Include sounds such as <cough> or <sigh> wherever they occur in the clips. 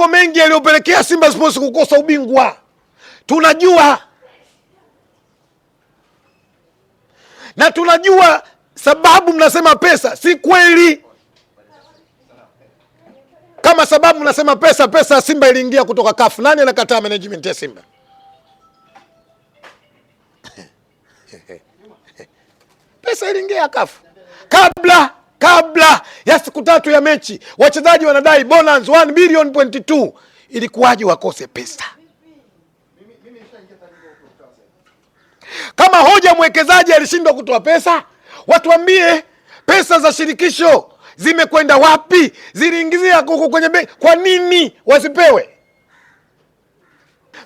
yako mengi yaliyopelekea Simba Sports kukosa ubingwa, tunajua na tunajua sababu. Mnasema pesa, si kweli. Kama sababu mnasema pesa, pesa ya Simba iliingia kutoka kafu. Nani anakataa management ya Simba? <laughs> pesa iliingia kafu kabla kabla ya siku tatu ya mechi, wachezaji wanadai bonus 1 bilioni point 2. Ilikuwaje wakose pesa? Kama hoja mwekezaji alishindwa kutoa pesa, watuambie pesa za shirikisho zimekwenda wapi? Ziliingizia kuku kwenye benki, kwa nini wasipewe?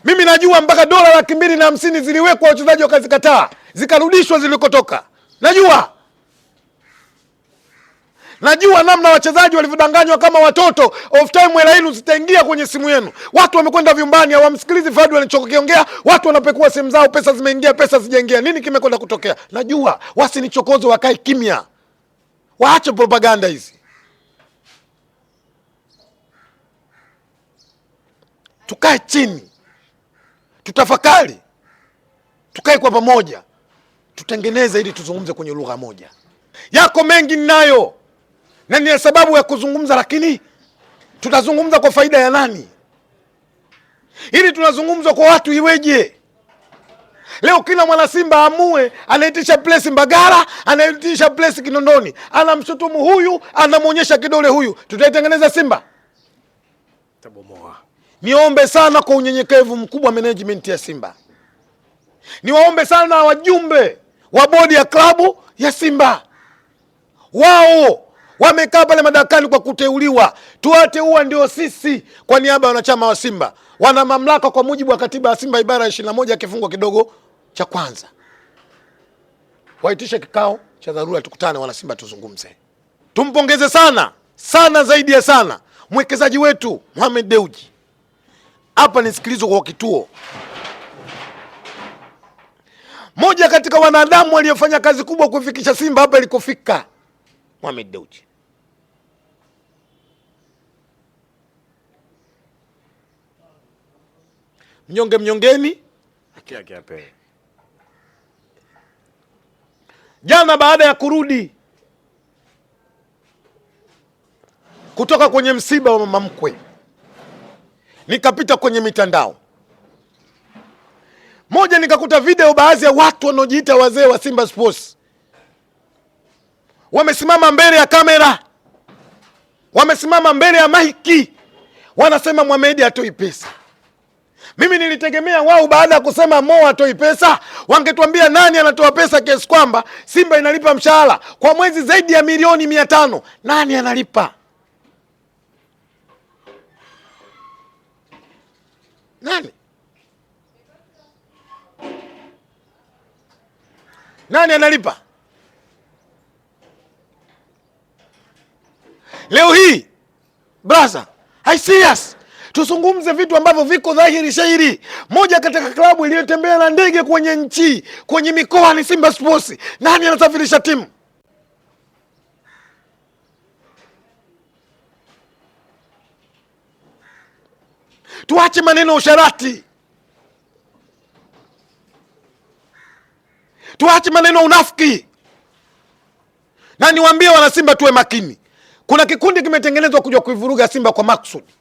Mimi najua mpaka dola laki mbili na hamsini ziliwekwa, wachezaji wakazikataa, zikarudishwa zilikotoka, najua. Najua namna wachezaji walivyodanganywa kama watoto. Off time hela hili zitaingia kwenye simu yenu. Watu wamekwenda vyumbani, hawamsikilizi Fadlu alichokiongea. Watu wanapekua simu zao, pesa zimeingia, pesa zijaingia. Nini kimekwenda kutokea? Najua wasinichokozo, wakae kimya, waache propaganda hizi. Tukae chini, tutafakari, tukae kwa pamoja, tutengeneze ili tuzungumze kwenye lugha moja. Yako mengi ninayo na ni sababu ya kuzungumza, lakini tutazungumza kwa faida ya nani? ili tunazungumzwa kwa watu iweje? Leo kila mwana Simba amue, anaitisha plesi Mbagara, anaitisha plesi Kinondoni, anamshutumu huyu, anamwonyesha kidole huyu, tutaitengeneza Simba? Tabomoa. Niombe sana kwa unyenyekevu mkubwa management ya Simba, niwaombe sana wajumbe wa bodi ya klabu ya Simba, wao wamekaa pale madarakani kwa kuteuliwa, tuwateua ndio sisi kwa niaba ya wanachama wa Simba. Wana mamlaka kwa mujibu wa katiba ya Simba ibara ya ishirini na moja kifungu kidogo cha kwanza. Waitishe kikao cha dharura, tukutane wana Simba, tuzungumze, tumpongeze sana sana, zaidi ya sana mwekezaji wetu Mohamed Deuji. Hapa nisikilizwe kwa kituo moja, katika wanadamu waliofanya kazi kubwa kufikisha Simba hapa ilikofika, Mohamed Deuji. mnyonge mnyongeni Jana baada ya kurudi kutoka kwenye msiba wa mama mkwe, nikapita kwenye mitandao moja, nikakuta video baadhi ya watu wanaojiita wazee wa Simba Sports wamesimama mbele ya kamera, wamesimama mbele ya maiki, wanasema Mohamed hatoi pesa. Mimi nilitegemea wao baada ya kusema Mo atoi pesa wangetuambia nani anatoa pesa kiasi kwamba Simba inalipa mshahara kwa mwezi zaidi ya milioni mia tano. Nani analipa? Nani? Nani analipa? Leo hii brasa, I see us. Tuzungumze vitu ambavyo viko dhahiri shahiri. Moja katika klabu iliyotembea na ndege kwenye nchi, kwenye mikoa ni Simba Sports. Nani anasafirisha timu? Tuache maneno ya usharati, tuache maneno ya unafiki, na niwaambie wanasimba tuwe makini. Kuna kikundi kimetengenezwa kuja kuivuruga Simba kwa maksudi.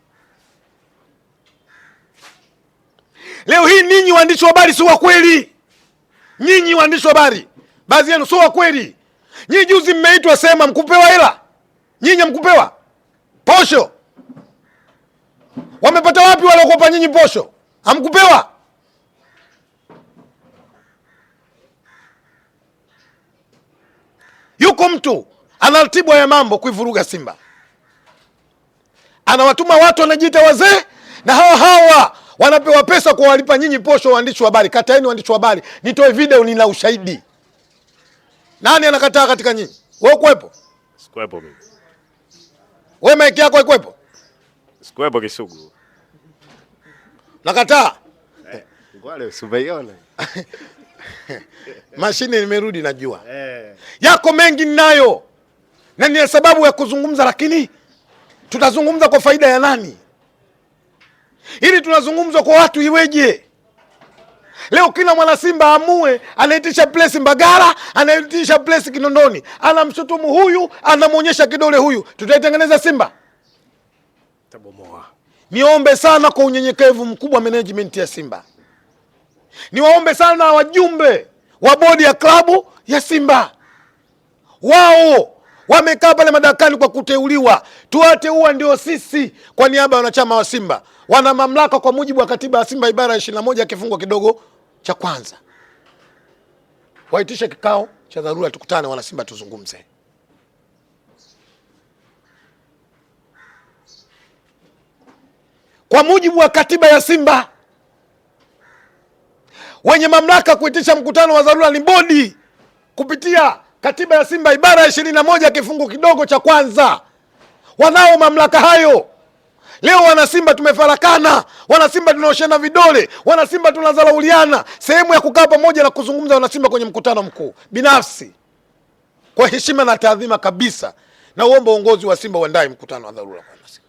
Leo hii ninyi waandishi wa habari si wa kweli, nyinyi waandishi wa habari baadhi yenu si wa kweli. Nyinyi juzi mmeitwa sema, mkupewa hela nyinyi, mkupewa posho? Wamepata wapi waliokopa nyinyi posho? Hamkupewa? Yuko mtu anaratibu haya mambo kuivuruga Simba, anawatuma watu wanajiita wazee na hawa hawa wanapewa pesa kuwalipa nyinyi posho waandishi wa habari. Kataeni waandishi wa habari, nitoe video, nina ushahidi. Nani anakataa katika nyinyi? Wewe kuwepo? Sikuwepo mimi. Wewe maiki yako haikuwepo? Sikuwepo Kisugu. Nakataa. Eh, wale <laughs> Mashine nimerudi najua. Eh. Yako mengi ninayo. Na ni sababu ya kuzungumza lakini tutazungumza kwa faida ya nani? Hili tunazungumzwa kwa watu iweje? Leo kila mwana Simba amue, anaitisha plesi Mbagara, anaitisha plesi Kinondoni, anamshutumu huyu, anamwonyesha kidole huyu, tutaitengeneza Simba? Tabomoa. Niombe sana kwa unyenyekevu mkubwa management ya Simba, niwaombe sana wajumbe wa bodi ya klabu ya Simba, wao wamekaa pale madarakani kwa kuteuliwa, tuwateua ndio sisi kwa niaba ya wanachama wa Simba wana mamlaka kwa mujibu wa katiba ya Simba ibara ya ishirini na moja kifungu kidogo cha kwanza. Waitishe kikao cha dharura, tukutane wana Simba tuzungumze. Kwa mujibu wa katiba ya Simba, wenye mamlaka kuitisha mkutano wa dharura ni bodi kupitia katiba ya Simba ibara ya ishirini na moja kifungu kidogo cha kwanza. Wanao mamlaka hayo. Leo wanasimba tumefarakana, wanasimba tunaoshana vidole, wanasimba tunazalauliana. Sehemu ya kukaa pamoja na kuzungumza wanasimba kwenye mkutano mkuu. Binafsi, kwa heshima na taadhima kabisa, na uomba uongozi wa Simba uandae mkutano wa dharura kwa Simba.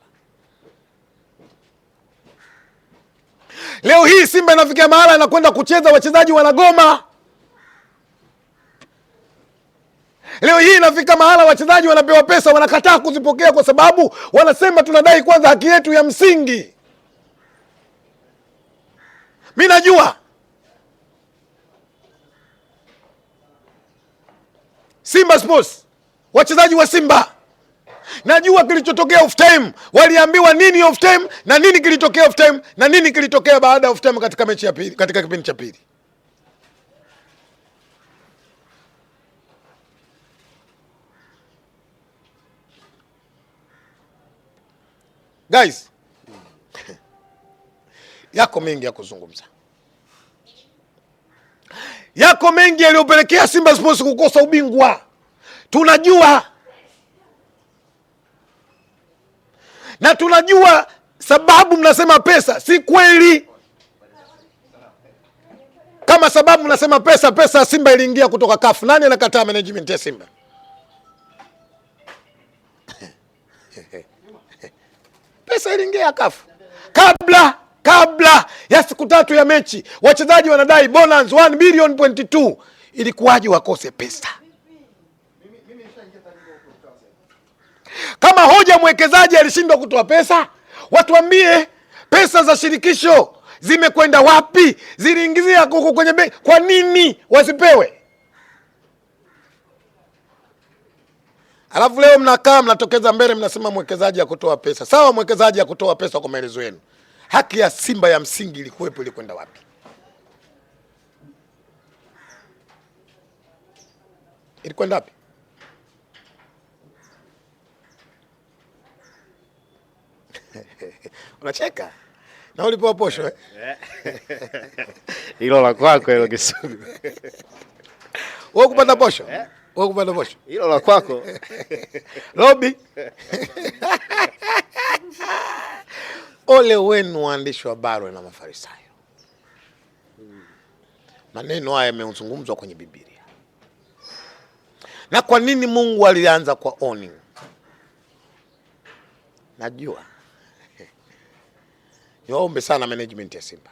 Leo hii Simba inafikia mahala anakwenda kucheza, wachezaji wanagoma Leo hii inafika mahala wachezaji wanapewa pesa wanakataa kuzipokea, kwa sababu wanasema tunadai kwanza haki yetu ya msingi. Mi najua Simba Sports, wachezaji wa Simba najua kilichotokea off time, waliambiwa nini off time na nini kilitokea off time na nini kilitokea baada ya off time katika mechi ya pili, katika kipindi cha pili. Guys, yako mengi ya kuzungumza, yako mengi yaliyopelekea Simba Sports kukosa ubingwa. Tunajua na tunajua sababu. Mnasema pesa, si kweli. Kama sababu mnasema pesa, pesa ya Simba iliingia kutoka kafu. Nani anakataa management ya Simba? Manchester iliingia kafu kabla kabla ya siku tatu ya mechi, wachezaji wanadai bonus 1 bilioni point 2. Ilikuwaje wakose pesa? Kama hoja mwekezaji alishindwa kutoa pesa, watuambie pesa za shirikisho zimekwenda wapi? Ziliingizia kuku kwenye kwa nini wasipewe? Alafu leo mnakaa mnatokeza mbele mnasema mwekezaji kutoa pesa. Sawa, mwekezaji kutoa pesa kwa maelezo yenu. Haki ya Simba ya msingi ilikuwepo, ilikwenda wapi? Ilikwenda wapi? <laughs> Unacheka na ulipewa posho eh? <laughs> Hilo la kwako hilo Kisugu. Wewe kupata posho? Eh? wewe kupanda posho, hilo la kwako <laughs> Robi. <laughs> Ole wenu waandishi wa habari na Mafarisayo. Maneno haya yamezungumzwa kwenye Biblia. Na kwa nini Mungu alianza kwa oni? Najua <laughs> niwaombe sana management ya Simba,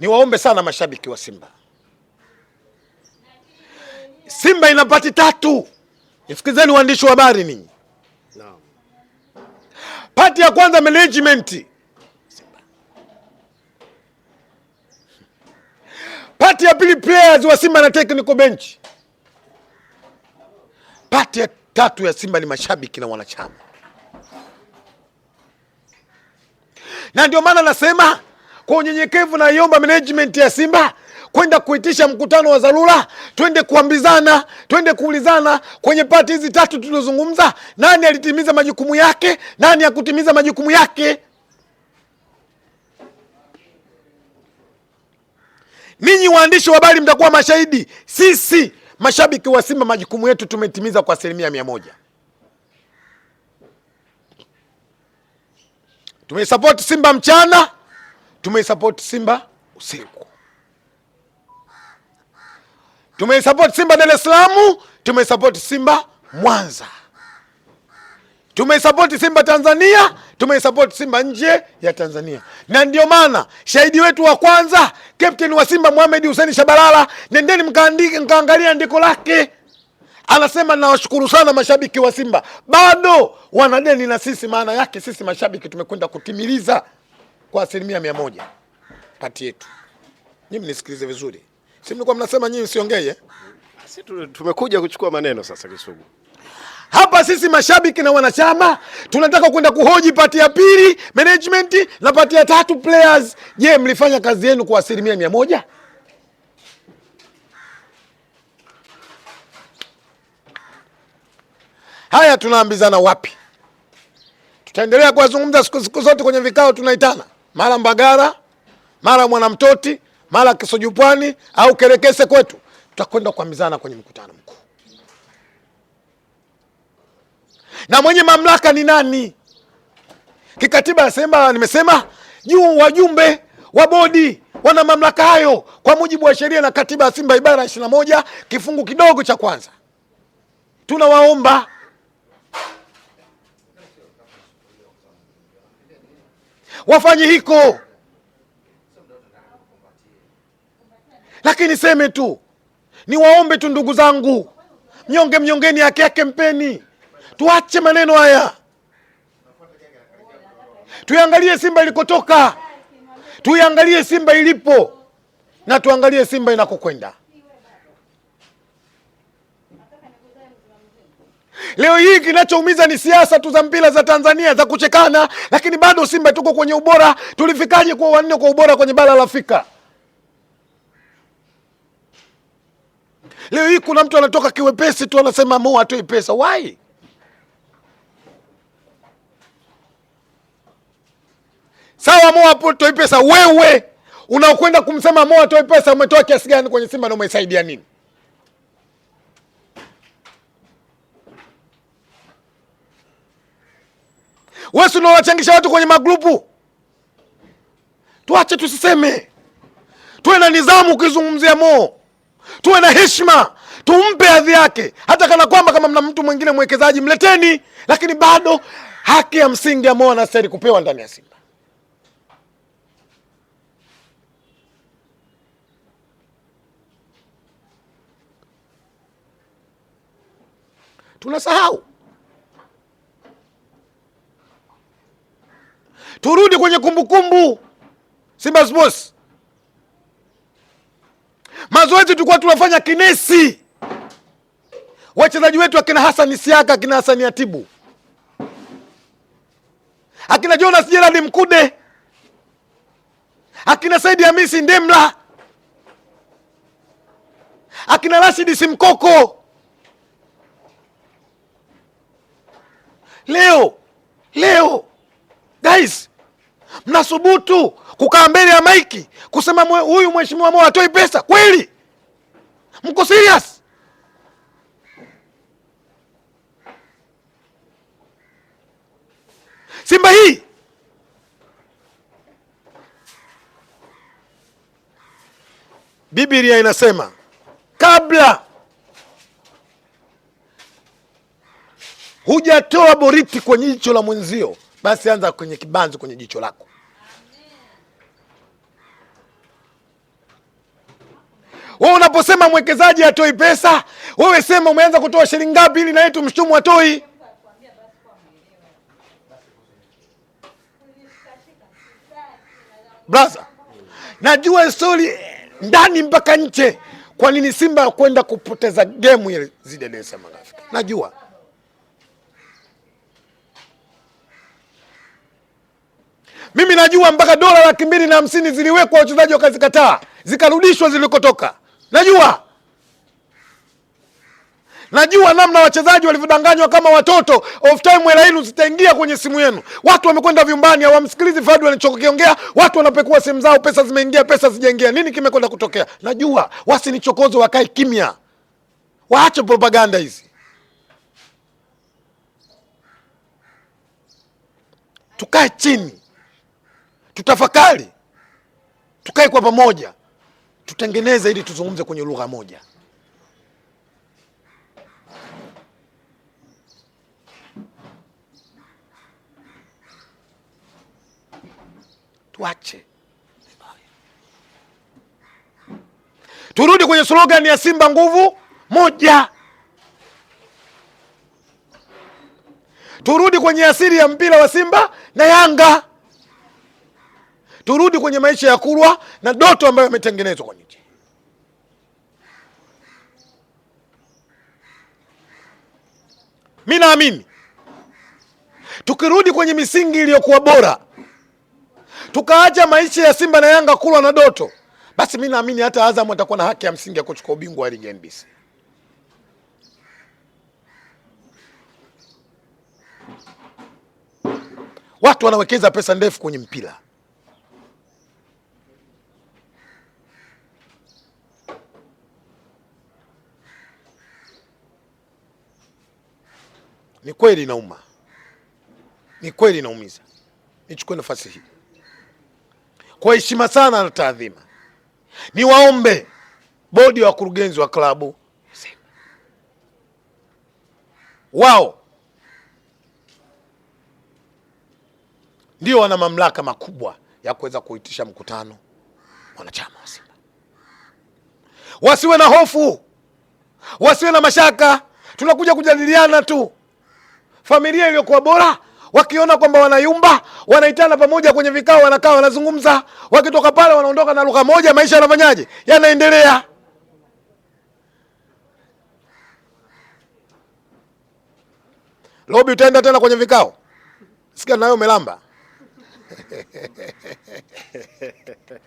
niwaombe sana mashabiki wa Simba, Simba ina pati tatu, Sikizeni waandishi wa habari ninyi. Naam. Pati ya kwanza management Simba. Pati ya pili players wa Simba na technical bench. Pati ya tatu ya Simba ni mashabiki na wanachama, na ndio maana nasema kwa unyenyekevu, naiomba management ya Simba kwenda kuitisha mkutano wa dharura, twende kuambizana, twende kuulizana kwenye pati hizi tatu tulizozungumza, nani alitimiza majukumu yake, nani hakutimiza majukumu yake. Ninyi waandishi wa habari mtakuwa mashahidi, sisi mashabiki wa Simba majukumu yetu tumetimiza kwa asilimia mia moja. Tumeisapoti Simba mchana, tumeisapoti Simba usiku. Tumeisapoti Simba Dar es Salaam, tumeisapoti Simba Mwanza, tumeisapoti Simba Tanzania, tumeisapoti Simba nje ya Tanzania. Na ndio maana shahidi wetu wa kwanza, captain wa Simba Mohamed Hussein Shabalala, nendeni mkaangalia andiko lake, anasema nawashukuru sana mashabiki wa Simba, bado wana deni na sisi. Maana yake sisi mashabiki tumekwenda kutimiliza kwa asilimia mia moja kati yetu. Nyinyi mnisikilize vizuri Si mlikuwa mnasema nyinyi usiongee? Eh? Si tumekuja kuchukua maneno sasa Kisugu. Hapa sisi mashabiki na wanachama tunataka kwenda kuhoji pati ya pili management na pati ya tatu players. Je, mlifanya kazi yenu kwa asilimia mia moja? Haya tunaambizana wapi? Tutaendelea kuwazungumza siku zote kwenye vikao tunaitana, mara Mbagara, mara Mwanamtoti, mara kisojupwani Pwani au Kerekese kwetu, tutakwenda kuambizana kwenye mkutano mkuu. Na mwenye mamlaka ni nani? Kikatiba yasema, nimesema juu, wajumbe wa bodi wana mamlaka hayo kwa mujibu wa sheria na katiba ya Simba ibara ya ishirini na moja kifungu kidogo cha kwanza. Tunawaomba wafanye hiko Lakini seme tu, niwaombe tu ndugu zangu, mnyonge mnyongeni yake yake mpeni. Tuache maneno haya, tuiangalie Simba ilikotoka, tuiangalie Simba ilipo na tuangalie Simba inakokwenda. Leo hii kinachoumiza ni siasa tu za mpira za Tanzania za kuchekana, lakini bado Simba tuko kwenye ubora. Tulifikaje kuwa wanne kwa ubora kwenye bara la Afrika? Leo hii kuna mtu anatoka kiwepesi tu anasema Mo atoi pesa. Why? Sawa, Mo hatoi pesa, wewe unaokwenda kumsema Mo atoi pesa umetoa kiasi gani kwenye Simba na umesaidia nini? Wewe unawachangisha watu kwenye magrupu. Tuache tusiseme, tuwe na nidhamu ukizungumzia Mo tuwe na heshima, tumpe hadhi yake, hata kana kwamba kama mna mtu mwingine mwekezaji mleteni, lakini bado haki ya msingi ambao anastahili kupewa ndani ya Simba. Tunasahau. Turudi kwenye kumbukumbu Simba Sports mazoezi tulikuwa tunafanya kinesi, wachezaji wetu akina Hassan Siaka, akina Hassan Atibu, akina Jonas jeradi Mkude, akina Saidi Hamisi Ndemla, akina Rashidi Simkoko. Leo leo guys, mnasubutu kukaa mbele ya maiki kusema huyu mheshimiwa Mo atoi pesa kweli? mko serious? Simba hii Biblia inasema kabla hujatoa boriti kwenye jicho la mwenzio, basi anza kwenye kibanzi kwenye jicho lako. Wewe unaposema mwekezaji atoi pesa, wewe sema umeanza kutoa shilingi ngapi ili naye tumshtumu atoi. Brother, najua stori ndani mpaka nje. Kwa nini Simba kwenda kupoteza gemu ile Najua mimi, najua mpaka dola laki mbili na hamsini ziliwekwa, wachezaji wakazikataa, zikarudishwa zilikotoka. Najua najua namna wachezaji walivyodanganywa kama watoto. of time hela hinu zitaingia kwenye simu yenu. Watu wamekwenda vyumbani, hawamsikilizi Fadu alichokiongea, watu wanapekua simu zao, pesa zimeingia, pesa zijaingia, nini kimekwenda kutokea. Najua wasi ni chokozo wakae kimya, waache propaganda hizi. Tukae chini, tutafakari, tukae kwa pamoja tutengeneze ili tuzungumze kwenye lugha moja. Tuache, turudi kwenye slogan ya Simba nguvu moja, turudi kwenye asili ya mpira wa Simba na Yanga turudi kwenye maisha ya Kurwa na Doto ambayo ametengenezwa kwenye nchi. Mi naamini tukirudi kwenye misingi iliyokuwa bora, tukaacha maisha ya Simba na Yanga, Kurwa na Doto, basi mi naamini hata azam atakuwa na haki ya msingi ya kuchukua ubingwa wa ligi NBC. Watu wanawekeza pesa ndefu kwenye mpira Ni kweli inauma, ni kweli inaumiza. Nichukue nafasi hii kwa heshima sana na taadhima, niwaombe bodi ya wakurugenzi wa klabu wao ndio wana mamlaka makubwa ya kuweza kuitisha mkutano wanachama wa Simba. Wasiwe na hofu, wasiwe na mashaka, tunakuja kujadiliana tu familia iliyokuwa bora wakiona kwamba wanayumba, wanaitana pamoja kwenye vikao, wanakaa wanazungumza, wakitoka pale wanaondoka na lugha moja. Maisha yanafanyaje? Yanaendelea. Lobi, utaenda tena kwenye vikao? Sikia nayo umelamba.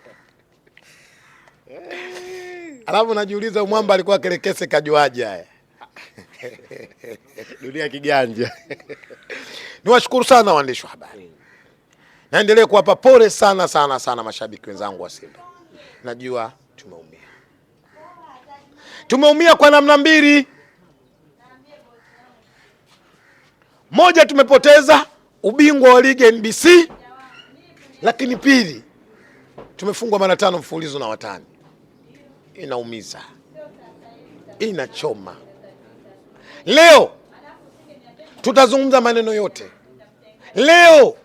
<laughs> Alafu najiuliza, mwamba alikuwa kerekese kajuaje haya? <laughs> dunia kiganja. <laughs> Niwashukuru sana waandishi wa habari, naendelee kuwapa pole sana sana sana mashabiki wenzangu wa Simba. Najua tumeumia, tumeumia kwa namna mbili. Moja, tumepoteza ubingwa wa ligi NBC, lakini pili, tumefungwa mara tano mfululizo na watani. Inaumiza, inachoma. Leo tutazungumza maneno yote, leo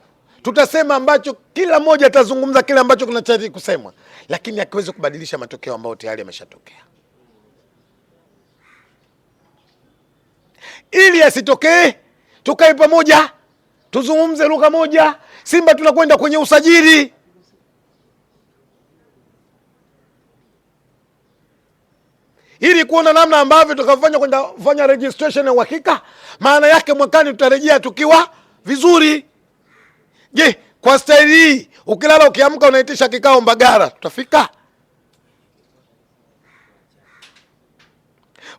tutasema ambacho kila mmoja atazungumza kile ambacho kinachotaki kusemwa, lakini akiwezi kubadilisha matokeo ambayo tayari yameshatokea. Ili yasitokee, tukae pamoja, tuzungumze lugha moja. Simba tunakwenda kwenye usajili. ili kuona namna ambavyo tukafanya kwenda fanya registration ya uhakika. Maana yake mwakani tutarejea tukiwa vizuri. Je, kwa staili hii ukilala ukiamka unaitisha kikao Mbagara tutafika?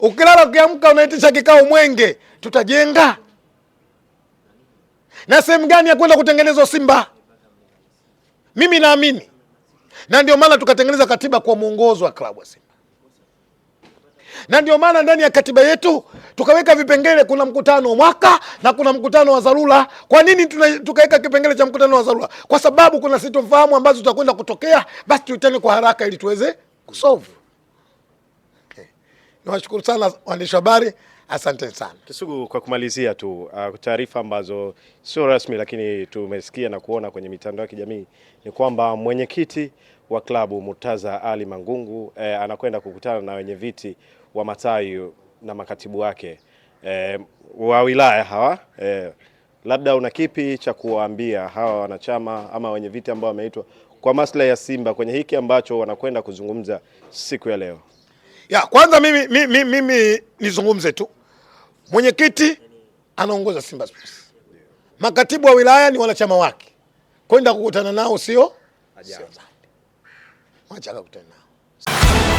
Ukilala ukiamka unaitisha kikao Mwenge tutajenga? Na sehemu gani ya kwenda kutengenezwa Simba? Mimi naamini na, na ndio maana tukatengeneza katiba kwa mwongozo wa klabu ya Simba na ndio maana ndani ya katiba yetu tukaweka vipengele, kuna mkutano wa mwaka na kuna mkutano wa dharura. Kwa nini tukaweka kipengele cha mkutano wa dharura? Kwa sababu kuna sitofahamu ambazo tutakwenda kutokea, basi tuitane kwa haraka ili tuweze kusolve. Okay. Niwashukuru sana waandishi habari. Asante sana Kisugu, kwa kumalizia tu uh, taarifa ambazo sio rasmi lakini tumesikia na kuona kwenye mitandao ya kijamii ni kwamba mwenyekiti wa klabu Murtaza Ali Mangungu eh, anakwenda kukutana na wenye viti Matayu na makatibu wake e, wa wilaya hawa e, labda una kipi cha kuwaambia hawa wanachama ama wenye viti ambao wameitwa kwa maslahi ya Simba kwenye hiki ambacho wanakwenda kuzungumza siku ya leo? Ya kwanza mimi, mimi, mimi nizungumze tu, mwenyekiti anaongoza Simba Sports, makatibu wa wilaya ni wanachama wake, kwenda kukutana nao sio ajabu. Wacha kukutana nao.